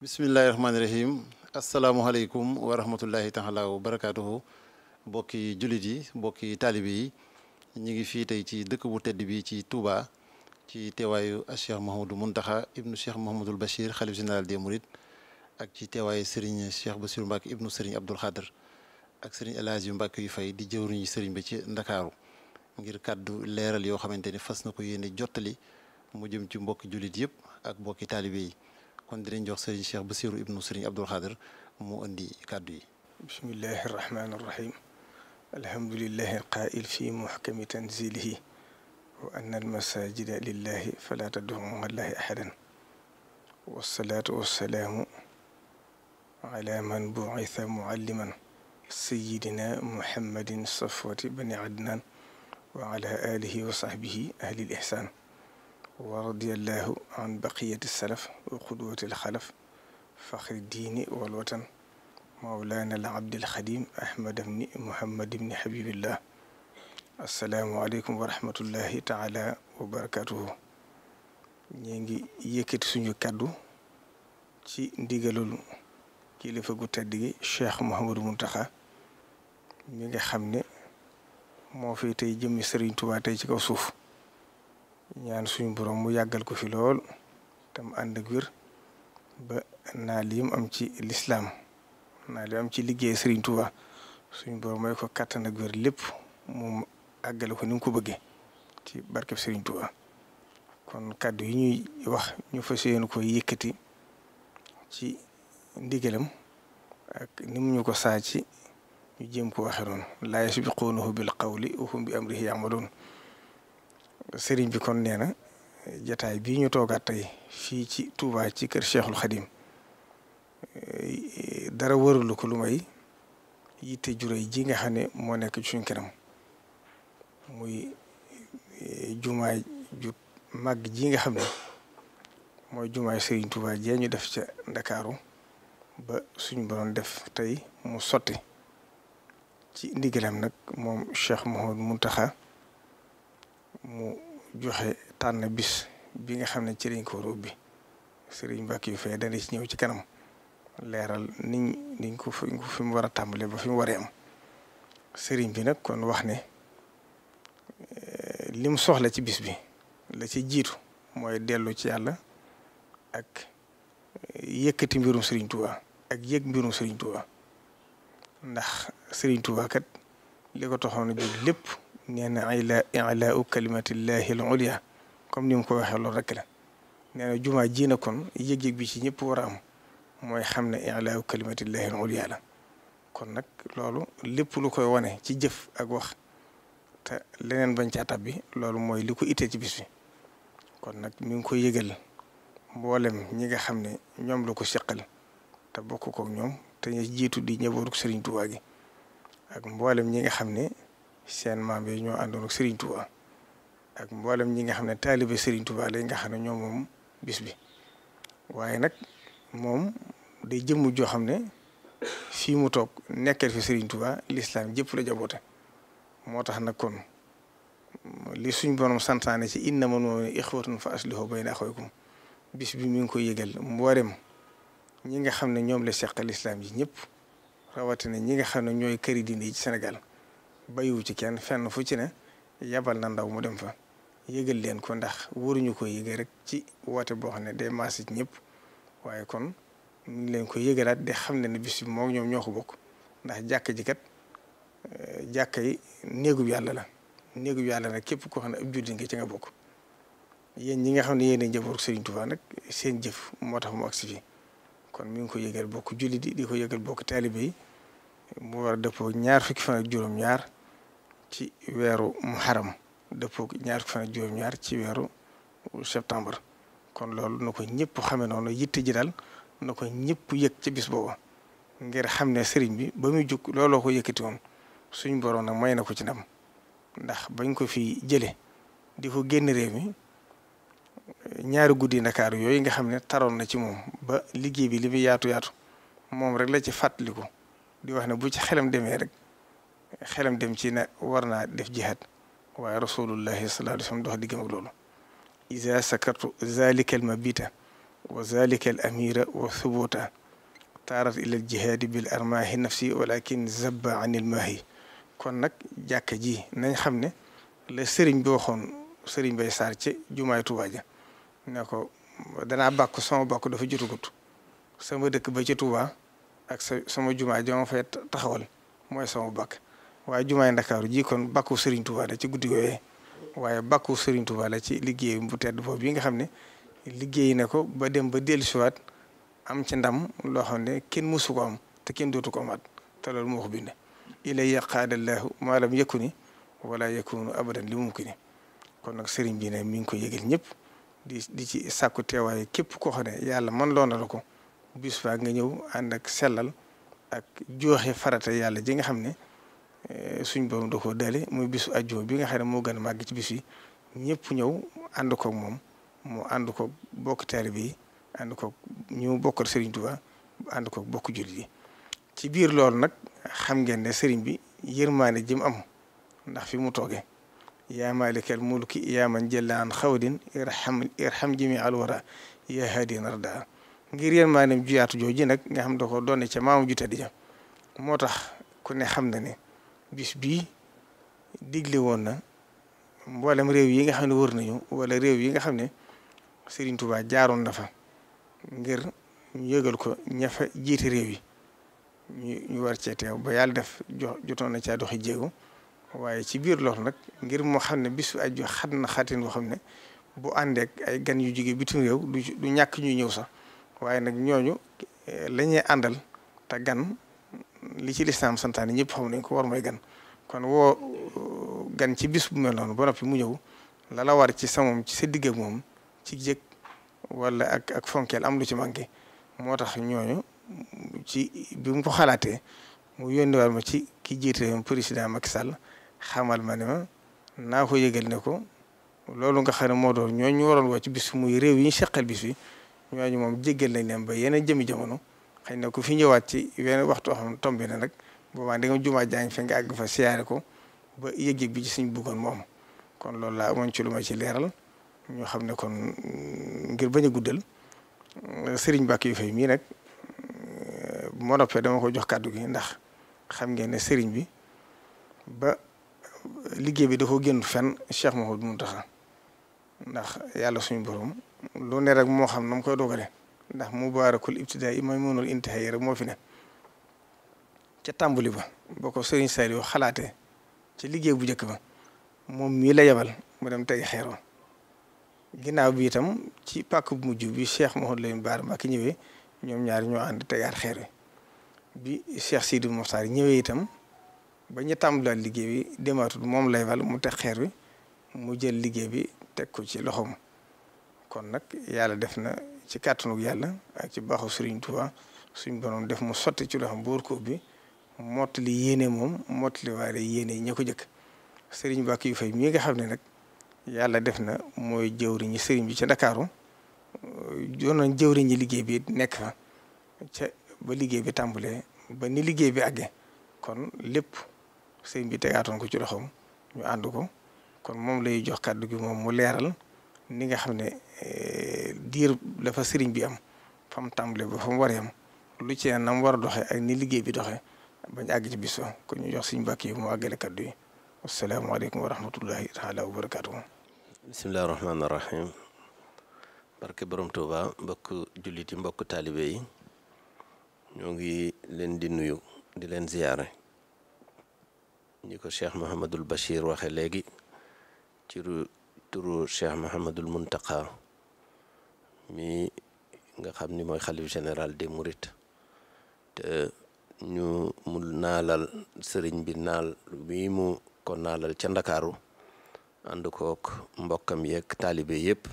bisimillahi rahmaanirahim asalaamualeykum wa rahmatullahi taala wa barakaatuhu mbokki jullit yi mbokki taalibe yi ñu ngi fii tey ci dëkk bu tedd bi ci Touba ci teewaayu Cheikh Mouhamadou Mountakha ibnu Cheikh Mouhamadoul Bachir xalif général des Mourides ak ci teewaayu Serigne Cheikh Bassirou Mbacke ibnu Serigne Abdoul Khadr ak Serigne El yu Mbacke yu fay di jëwriñu Serigne bi ci Ndakaaru ngir kàddu leeral yoo xamante ni fas na ko yéene jottali mu jëm ci mbokki jullit yëpp ak mbokki taalibe yi kon dinañ jox sëriñ Cheikh Bassirou ibnu sëriñ Abdul Xaadir mu indi kàddu yi. bismillahi rahmaani rahim alhamdulillahi qaa'il fi muhkami tanzilihi wa anna almasajida lillahi fala tad'u ma'a allahi ahadan wasalaatu wasalaamu ala man bu'itha mualliman sayidina muhammadin safwati bani adnan wa ala alihi wa sahbihi ahli al-ihsan wa radiyallahu an baqiyati salaf wa qudwati alxalaf faxri diini wal watan mawlaana al abdil xadim ahmad ibni muhammad ibni habibillah assalaamu aleykum wa taala wa barakatuhu ñu ngi yëkkati suñu kaddu ci ndigalul kilifa gu tedd gi cheikh Mouhamadou Mountakha mi xam ne moo fi tey jëmmi Serigne Touba ci kaw suuf ñaan suñu borom mu yàggal ko fi lool tam ànd ak wér ba naa am ci lislaam naa lim am ci liggéey Serigne tuwa suñu borom may ko kattan ak lépp mu àggale ko ni mu ko bëggee ci barkeb Serigne Touba kon kàddu yi ñuy wax ñu fas yéene ko yëkkati ci ndigalam ak ni mu ñu ko saa ci ñu jéem ko waxe noonu laa yasbiquunahu bil qawli wa hum bi amrihi ya'maluun sëriñ bi kon nee na jataay bii ñu toogaat tey fii ci Touba ci kër Cheikhul Khadim eh, dara wërulu ko lu may yitte juróoy ji nga xam ne moo nekk ci suñ kanam muy eh, jumaay ju màgg ji nga xam mooy jumaay sëriñ Touba jee ñu def ca Ndakaaru ba suñ borom def tey mu sotti ci ndigalam nag moom Cheikh Mouhamadou Mountakha mu joxe tànn bis bi nga xam ne ci lañ ko bi a ubbi sëriñ Mbacke Faye ci ñëw ci kanam leeral niñ niñ ko fi ko fi mu war a tàmbalee ba fi mu waree am sëriñ bi nag kon wax ne eh, li soxla ci bis bi la ci jiitu mooy dellu ci yàlla ak yëkkati mbirum sëriñ Touba ak yëg mbirum sëriñ Touba ndax sëriñ Touba kat li ko taxoon a lépp. nee na ila ilaau kalimatillahi al ulia comme ni mu ko waxee loolu rek la nee na jumaa ji na kon yëg-yëg bi ci ñëpp war am mooy xam ne ilaau kalimatillahi al ulia la kon nag loolu lépp lu koy wane ci jëf ak wax te leneen bañ caa tab bi loolu mooy li ko ittee ci bis bi kon nag mi ngi koy yëgal mboolem ñi nga xam ne ñoom la ko seqal te bokk kook ñoom te ñu jiitu di ñëbooru Serigne Touba gi ak mboolem ñi nga xam ne seen maam yi ñoo àndoon ak Serigne Touba ak mboolem ñi nga xam ne taalibe Serigne Touba lañ nga xam ne ñoom moom bis bi waaye nag moom day jëmm joo xam ne fii mu toog nekkal fi Serigne Touba lislaam jëpp la jaboote moo tax nag kon li suñ borom santaane ci innamal mu'minuuna ixwatun fa aslihu bayna axawaykum bis bi mi ngi koy yëgal mboolem ñi nga xam ne ñoom la seqal lislaam yi ñëpp rawatina ñi nga xam ne ñooy këri diine yi ci Sénégal. bayiwu ci kenn fenn fu ci ne yabal na ndaw mu dem fa yëgal leen ko ndax waruñu ko yëge rek ci woote boo xam ne de maasi ci ñëpp waaye kon ñu ngi leen ko yëgalaat de xam ne ne bis bi ñoo ko bokk ndax jàkka kat eh, jàkka yi néegub yàlla la néegub yàlla nag képp koo xam ne ab jullit nga nga bokk yéen ñi nga xam ne yéen a njaboot Serigne nag seen jëf moo tax mu agsi kon mi ngi koy yëgal bokk jullit yi di ko yëgal bokk taalibe yi mu war a dëppoo ñaar fukki fan ak juróom-ñaar. ci weeru muharam dëppoo ñaar fukki fan juróom-ñaar ci weeru septembre kon loolu na ko ñëpp xamee noonu yitte ji dal na ko ñëpp yëg ci bis boobu ngir xam ne sëriñ bi ba muy jug looloo ko yëkkati woon suñ borom nag may na ko ci ndam ndax bañ ko fi jëlee di ko génn réew mi ñaari guddi ndakaaru yooyu nga xam ne taroon na ci moom ba liggéey bi li muy yaatu yaatu moom rek la ci fàttaliku di wax ne bu ci xelam demee rek. xelam dem ci ne war naa def jihaad waaye rasulullahi sallallahu alayhi wa sallam dox diggam ak loolu iza sakartu zalika al mabita wa zalika al wa thubuta taarat ila jihaadi bil armahi nafsi walakin zabba an maahi kon nag jàkka ji nañ xam ne le sëriñ bi waxoon sëriñ bay saar ci jumaay Tuubaa ne ko danaa bàkk sama bàkk dafa jotugut sama dëkk ba ci Tuubaa ak sa sama jumaa ja ma fay taxawal mooy sama bàkk waaye jumaay ndakaaru ji kon bàkku Serigne Touba la ci waaye bàkku Serigne Touba ci liggéey bu tedd boobu bi nga xam ne liggéey na ko ba dem ba dellusiwaat am ci ndam loo xam ne kenn mësu ko am te kenn dootu ko amaat te loolu moo ko bind ilayya qaadallaahu maa lam yakuni wala yakunu abadan li mumkini kon nag Serigne bi ne mi ngi ko yëgal ñëpp di di ci sàkku teewaay képp koo xam yàlla man loo na la ko bis faa nga ñëw ànd ak sellal ak jooxe farata yàlla ji nga xam ne. Eh, suñ borom da koo dale muy bisu ajjuma bi nga xam ne moo gën a màgg ci bis yi ñëpp ñëw ànd koog moom mu ànd koog bokk taalibe bi ànd koog ñu bokk Serigne Touba ànd koog bokk jullit di ci biir lool nag xam ngeen ne sëriñ bi yërmaane jëm am ndax fi mu toogee. yaa maalikal mulki yaa man jëlla an xawdin irham irham jimi alwara yaa haadi narda ngir yërmaaneem juyaatu jooju nag nga xam da ko doon ca maamu ju tëdd moo tax ku ne xam na ni bis bii digle woon na mboolem réew yi nga xam ne wër nañu wala réew yi nga xam ne Serigne Touba jaaroon na fa ngir ñu yëgal ko ña fa jiite réew yi ñu ñu war cee teew ba yàlla def jox jotoon na caa doxi jéego waaye ci biir loolu nag ngir moo xam ne bisu aju xat na xatin boo xam ne bu àndeek ay gan yu jóge bitim réew du du ñàkk ñuy ñëw sax waaye nag ñooñu eh, la ñuy àndal te gan. li ci lislaam santaane ñëpp xam nañ ko war mooy gan kon woo uh, gan ci bis bu mel noonu ba noppi mu ñëw la la war ci samom ci sa digg moom ci jëg wala ak ak fonkeel am lu ci manqué moo tax ñooñu ci bi mu xalaatee mu yónniwaat ma ci ki jiite président Macky Sall xamal ma ne ma naa ko yëgal ne ko loolu nga xam ne moo doon ñooñu waroon woo ci bis muy réew yi ñu seqal bis bi ñooñu moom jéggal nañ leen ba yeneen jëmmi jamono. xëy na ku fi ñëwaat ci wenn waxtu xam tombe na nag boobaa da nga jumaa jaañ fe nga àgg fa siyaare ko ba yëg bi ci suñ bëggoon moom kon loolu laa amoon ci lu ma ci leeral ñoo xam ne kon mm, ngir bañ a guddal mm, sëriñ Mbàkke mii nag moo mm, noppee ko jox kàddu gi ndax xam ngeen ne sëriñ bi ba liggéey bi da ko génn fenn Cheikh Mouhamadou Mountakha ndax yàlla suñu borom lu ne rek moo xam na mu koy dogale ndax mu mubaarakul ibtidaay mooy mënul intihaay rek moo fi ne ca tàmbali ba boo ko Serigne Saliou xalaate ci liggéey bu njëkk ba moom mii la yebal mu dem tey xeeroo ginnaaw bi itam ci pàkk bu mujj bi Cheikh Mouhamadou Lamine Bara Mbacké ñëwee ñoom ñaar ñoo ànd tegaat bi Cheikh Sidi Mokhtar ñëwee itam ba ñu tàmbalaat liggéey bi demaatul moom la yebal mu teg xeer wi mu jël liggéey bi teg ko ci loxoom kon nag yàlla def na. ci kàttanu yàlla ak ci baaxu sëriñ Touba suñ borom def mu sotti ci loo xam boor ko bi mottali yéene moom mottali waare yéene ña ko jëkk Serigne Bakk yu fay mii nga xam ne nag yàlla def na mooy jëwriñi sëriñ bi ca Ndakaaru doonoon jëwriñi liggéey bi nekk fa ca ba liggéey bi tàmbalee ba ni liggéey bi àggee kon lépp sëriñ bi tegaatoon ko ci loxoom ñu ànd ko kon moom lay jox kàddu gi moom mu leeral. ni nga xam ne eh, diir la fa sëriñ bi am fa mu tàmbalee ba fa mu waree am lu ci ne na mu war a doxee ak ni liggéey bi doxee bañ àgg ci bis ba kon ñu jox suñu mbàkk yi mu àggale kaddu yi wasalaamaaleykum wa rahmatullahi taala wa barakaatu. bisimilah rahmaani rahim barke borom mbokk jullit mbokk taalibe yi ñoo ngi leen di nuyu di leen ziyaare ñi ko Cheikh Mouhamadul Bachir waxe léegi turu Cheikh Mahamadul Muntaqa mi nga xam ni mooy xalif général de Mourides te ñu mu naalal sëriñ bi naal bi mu ko naalal ca Ndakaaru ànd kook mbokkam yeeg taalibe yëpp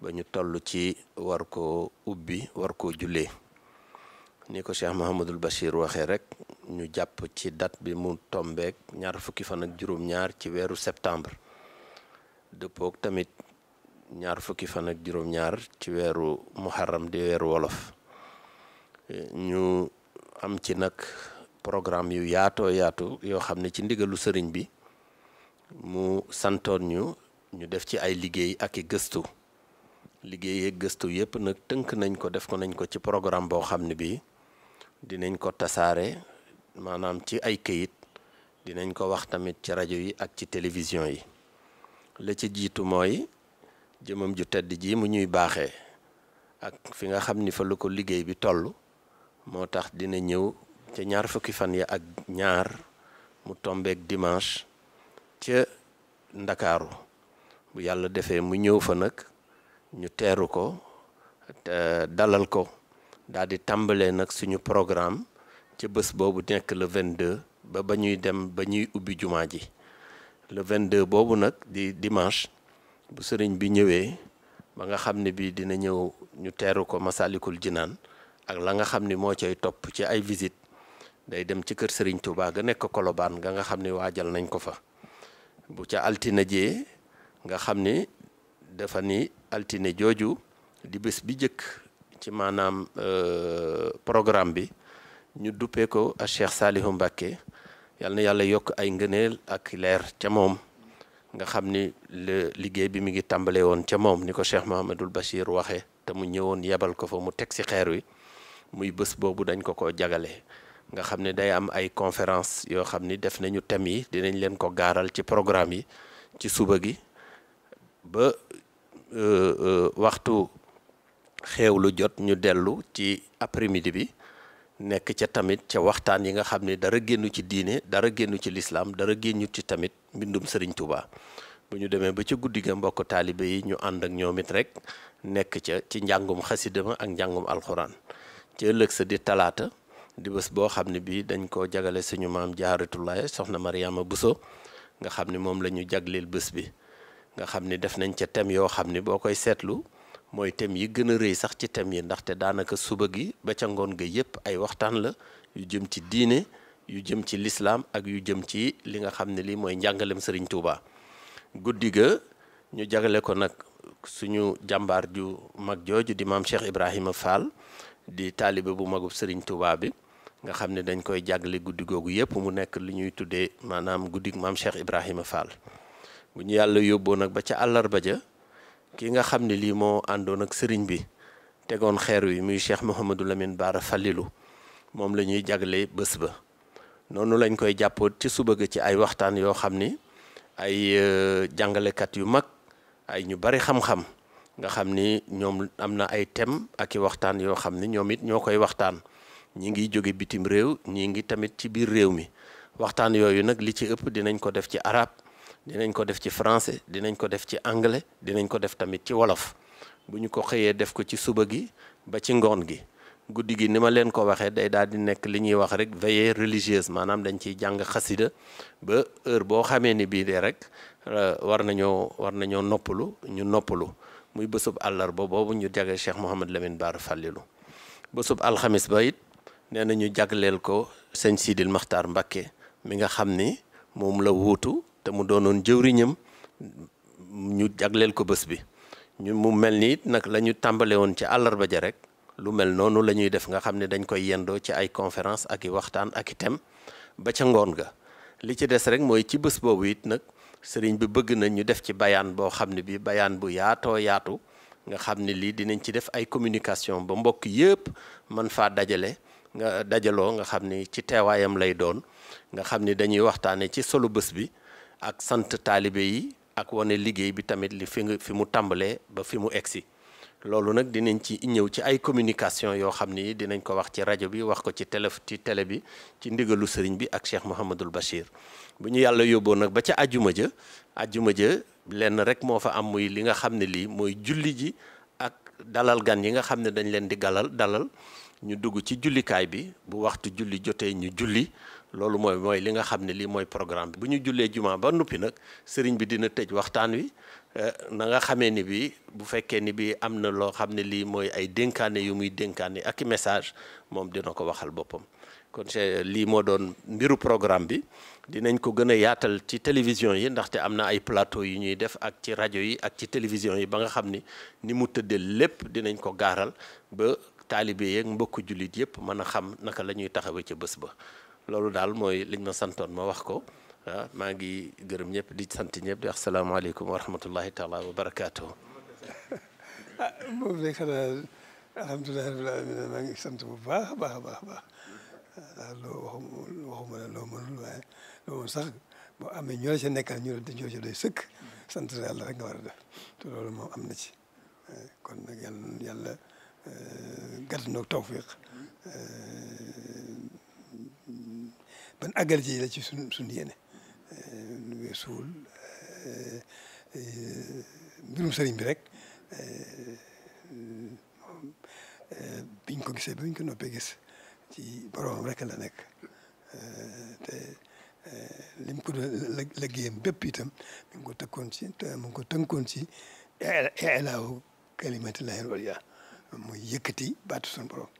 ba ñu toll ci war ko ubbi war koo jullee ni ko Cheikh Mahamadul Bachir waxee rek ñu jàpp ci date bi mu tombeek ñaar fukki fan ak juróom-ñaar ci weeru septembre dëppook tamit ñaar fukki fan ak juróom-ñaar ci weeru muharram di weeru wolof ñu am ci nag programme yu yaato yaatu yoo xam ne ci ndigalu sëriñ bi mu santoon ñu ñu def ci ay liggéey ak i gëstu liggéey gëstu yépp nag tënk nañ ko def ko nañ ko ci programme boo xam ne bii dinañ ko tasaare maanaam ci ay këyit dinañ ko wax tamit ci rajo yi ak ci télévision yi la ci jiitu mooy jëmam ju tedd ji mu ñuy baaxee ak fi nga xam ni fa lu ko liggéey bi toll moo tax dina ñëw ca ñaar fukki fan yi ak ñaar mu tombeek dimanche ca ndakaaru bu yàlla defee mu ñëw fa nag ñu teeru ko dalal ko daal di tàmbalee nag suñu programme ca bés boobu nekk le 22 ba ba ñuy dem ba ñuy ubbi jumaa ji le deux boobu nag di dimanche bu sëriñ bi ñëwee ba nga xam ne bii dina ñëw ñu teeru ko Masalikul Jinaan ak la nga xam ni moo cay topp ci ay visite day dem ci kër sëriñ Touba ga nekk Kolobaan ga nga xam ni waajal nañ ko fa bu ca altine jee nga xam ni dafa ni altine jooju di bés bi jëkk ci maanaam euh, programme bi ñu duppee ko a Cheikh Salihu Mbacké yal na yàlla yokk ay ngëneel ak leer ca moom nga xam ni liggéey bi mu ngi tàmbale woon ca moom ni ko Cheikh Mahamadul Bachir waxee te mu ñëwoon yebal ko fa mu teg si xeer wi muy bés boobu dañ ko ko jagale nga xam ne day am ay conférence yoo xam ni def nañu thèmes yi dinañ leen ko gaaral ci programme yi ci suba gi ba euh, euh, waxtu xeewlu jot ñu dellu ci après-midi bi nekk ca tamit ca waxtaan yi nga xam ne dara génnu ci diine dara génnu ci lislaam dara génnu ci tamit mbindum Serigne Touba bu ñu demee ba ca guddi ga mbokk taalibe yi ñu ànd ak ñoom it rek nekk ca ci njàngum xasida ma ak njàngum alxuraan ca ëllëg sa di talaata di bés boo xam ne bii dañ koo jagale suñu maam jaaratullaay soxna Mariama Bousso nga xam ne moom la ñu jagleel bés bi nga xam ne def nañ ca thème yoo xam ne boo koy seetlu. mooy thème yi gën a rëy sax ci thème yi ndaxte daanaka suba gi ba ca ngoon ga yépp ay waxtaan la yu jëm ci diine yu jëm ci lislaam ak yu jëm ci li nga xam ne lii mooy njàngalem Serigne Touba guddi ga ñu jagale ko nag suñu jàmbaar ju mag jooju di maam Cheikh Ibrahima Fall di taalibe bu magub Serigne Touba bi nga xam ne dañ koy jàggale guddi googu yépp mu nekk li ñuy tudde maanaam guddig maam Cheikh Ibrahima Fall bu ñu yàlla yóbboo nag ba ca àllarba ja ki nga xam ne lii moo àndoon ak sëriñ bi tegoon xeer wi muy Cheikh Mouhamadou Lamine Bara Falilou moom lañuy ñuy jagle bés ba noonu lañ koy jàppoot ci suba ga ci ay waxtaan yoo xam ni ay euh, jàngalekat yu mag ay ñu bari xam-xam nga xam ni ñoom am na ay thème aki waxtaan yoo xam ni ñoom it ñoo koy waxtaan ñi ngi jóge bitim réew ñi ngi tamit ci biir réew mi waxtaan yooyu nag li ci ëpp dinañ ko def ci arab dinañ ko def ci français dinañ ko def ci anglais dinañ ko def tamit ci wolof bu ñu ko xëyee def ko ci suba gi ba ci ngoon gi guddi gi ni ma leen ko waxee day daal di nekk li ñuy wax rek veillée religieuse maanaam dañ ciy jàng xasida ba heure boo xamee ni bii de rek euh, war nañoo war nañoo noppalu ñu noppalu muy bésub àllarba boobu ñu jagee Cheikh Mouhamed Lamine Bara Fallilou bésub alxamis ba it nee na ñu jagleel ko sëñ Sidil Maxtaar Mbakke mi nga xam ni moom la wuutu te mu doonoon jëwriñam ñu jagleel ko bés bi ñu mu mel ni nag la ñu tàmbale woon ci àllarba ja rek lu mel noonu la ñuy def nga xam ne dañ koy yendoo ci ay conférence ak i waxtaan ak i thème ba ca ngoon ga li ci des rek mooy ci bés boobu it nag sëriñ bi bëgg na ñu def ci bayaan boo xam ne bi bayaan bu yaatoo yaatu nga xam ne lii dinañ ci def ay communication ba mbokk yëpp man faa dajale nga dajaloo nga xam ni ci teewaayam lay doon nga xam ni dañuy waxtaane ci solo bés bi ak sant taalibe yi ak wane liggéey bi tamit li fi fi mu tàmbalee ba fi mu egsi loolu nag dinañ ci ñëw ci ay communication yoo xam ni dinañ ko wax ci rajo bi wax ko ci télé ci télé bi ci ndigalu sëriñ bi ak Cheikh Mouhamadul Bachir bu ñu yàlla yóbboo nag ba ca ajuma ja ajuma ja lenn rek moo fa am muy li nga xam ne lii mooy julli ji ak dalal gan yi nga xam ne dañ leen di galal dalal ñu dugg ci jullikaay bi bu waxtu julli jotee ñu julli loolu mooy mooy li nga xam ne lii mooy programme bi bu ñu jullee jumaa ba noppi nag sëriñ bi dina tëj waxtaan wi eh, na nga xamee ni bi bu fekkee ni bi am na loo xam ne lii mooy ay dénkaane yu muy dénkaane ak i message moom dina ko waxal boppam kon lii moo doon mbiru programme bi dinañ ko gën a yaatal ci télévision yi ndaxte am na ay plateau yu ñuy def ak ci rajo yi ak ci télévision yi ba nga xam ni ni mu tëddee lépp dinañ ko gaaral ba taalibe yeeg mbokku jullit yëpp mën a xam naka la ñuy taxawee ca bés ba loolu daal mooy liñ ma santoon ma wax ko ah maa ngi gërëm ñëpp di sant ñëpp di wax salaamaaleykum wa rahmatullahi taala wa barakaatu. ah moom de xanaa alhamdulilah rabbil alamin sant bu baax a baax a baax a baax waaw ah, loo sax boo amee ñoo la nekk nekkal ñu la sëkk sant yàlla rek nga war a def loolu moom am na ci eh, kon nag yàlla yàlla eh, gàtt ban agal ci la ci suñ suñ yéene euh, weesuwul euh, mbirum sëriñ bi rek euh, biñ ko gisee biñ ko noppee gis ci boroomam rek la nekk lim ko doon liggéeyam bépp itam mi ko tëkkoon ci te mu ngi ko tënkoon ci ilaahu kalimatillahi al-ulya baatu suñu borom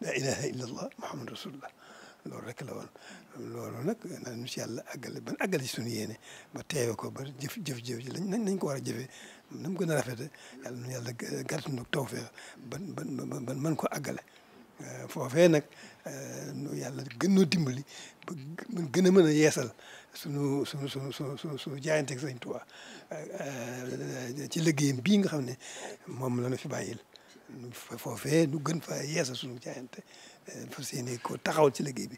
la ilaha illa allah rasulullah loolu rek la woon loolu nag naan ñu si yàlla àggale ban àggale si suñu ba teewe ko ba jëf jëf jëf ji lañ nañ ko war a jëfee na mu gën a rafete yàlla nu yàlla gàttanu tawfeex ban ban ban ko àggale euh, foofee nag euh, nu yàlla gën noo dimbali ba gën a mën a yeesal sunu sunu sunu sunu sunu sunu jaayanteeg Sëriñ Tuubaa euh, ci liggéeyam bii nga xam ne moom la nu fi bàyyil foofee nu gën fa yeesal sunu jaayante Euh, fas yéene ko taxawal ci liggéey bi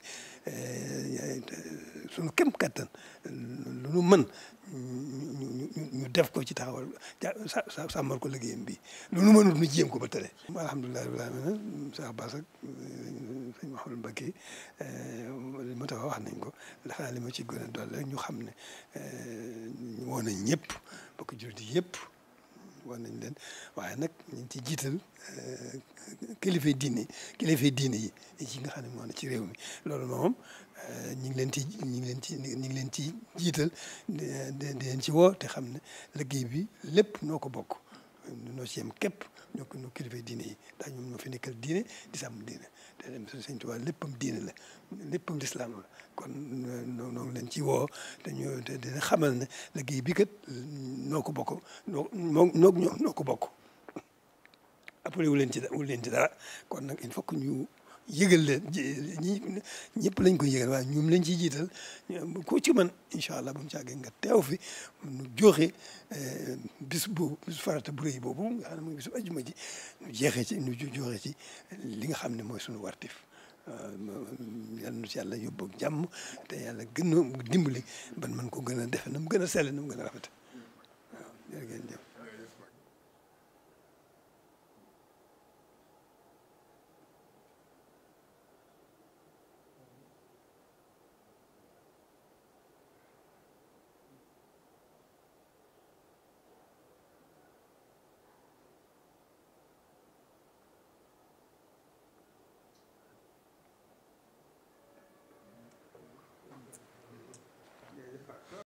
euh, sunu kéem kattan lu nu mën ñu def ko ci taxawal sa sàmmal ko liggéeyam bi lu nu mënul nu jéem ko ba tële. alhamdulilah rabbil alamin Cheikh Bass ak euh, sëñ Mouhamadou Mbacké li ma tax wax nañ ko xanaa li ma ci gën a dolli ñu xam ne woo nañ ñëpp bokk jur di yëpp. war nañ leen waaye nag ñu ci jiital euh, kilifa diine kilifa diine yi yi nga xam ne moo ci réew mi loolu moom euh, ñu ngi leen ci ñu ngi leen ci ñu ngi leen ci jiital di leen ci woo te xam ne liggéey bi lépp noo ko bokk. ñoo si yem képp ñoo ko ñoo kilifa diine yi ndax ñoom ñoo fi di sàmm diine te dem suñu Sëñ Tuubaa leen ci woo te ñu te dina xamal ne liggéey bi kat noo ko bokk noo noo noo ko bokk appelé wu leen ci dara kon nag il faut ñu yëgal leen ñi ñëpp lañ koy yëgal waaye ñoom lañ ciy jiital ku ci man incha allah bu mu caagee nga teew fi nu joxe eh, bis boobu bis farata bu rëy boobu nga xam ne mooy bisu ajuma ji nu jeexee ci nu joxe ci li nga xam ne mooy suñu wartif eh, yal na ci yàlla yóbbu ak jàmm te yàlla gën a dimbali ban man ko gën a defe na mu gën a sell na mu gën a rafet waaw